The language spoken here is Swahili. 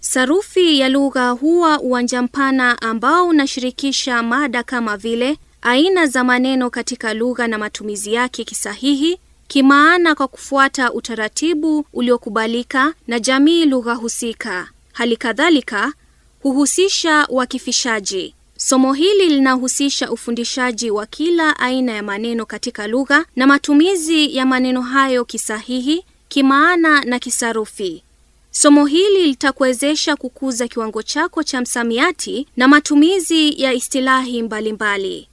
Sarufi ya lugha huwa uwanja mpana ambao unashirikisha mada kama vile aina za maneno katika lugha na matumizi yake kisahihi, kimaana kwa kufuata utaratibu uliokubalika na jamii lugha husika. Hali kadhalika huhusisha wakifishaji. Somo hili linahusisha ufundishaji wa kila aina ya maneno katika lugha na matumizi ya maneno hayo kisahihi, kimaana na kisarufi. Somo hili litakuwezesha kukuza kiwango chako cha msamiati na matumizi ya istilahi mbalimbali.